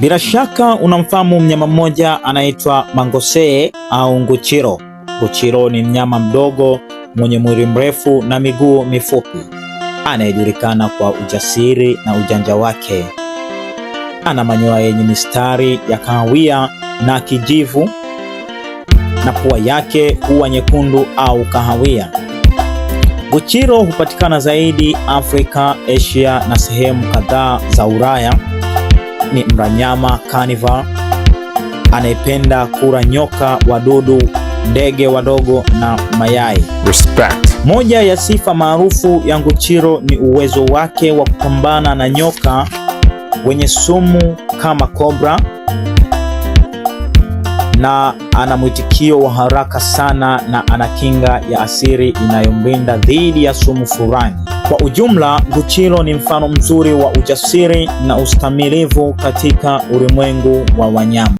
Bila shaka unamfahamu mnyama mmoja anaitwa mangosee au nguchiro. Nguchiro ni mnyama mdogo mwenye mwili mrefu na miguu mifupi anayejulikana kwa ujasiri na ujanja wake. Ana manyoya yenye mistari ya kahawia na kijivu na pua yake huwa nyekundu au kahawia. Nguchiro hupatikana zaidi Afrika, Asia na sehemu kadhaa za Ulaya ni mranyama carnivore anayependa kula nyoka, wadudu, ndege wadogo na mayai. Respect. Moja ya sifa maarufu ya Nguchiro ni uwezo wake wa kupambana na nyoka wenye sumu kama kobra na ana mwitikio wa haraka sana na ana kinga ya asili inayomlinda dhidi ya sumu fulani. Kwa ujumla, Guchilo ni mfano mzuri wa ujasiri na ustamilivu katika ulimwengu wa wanyama.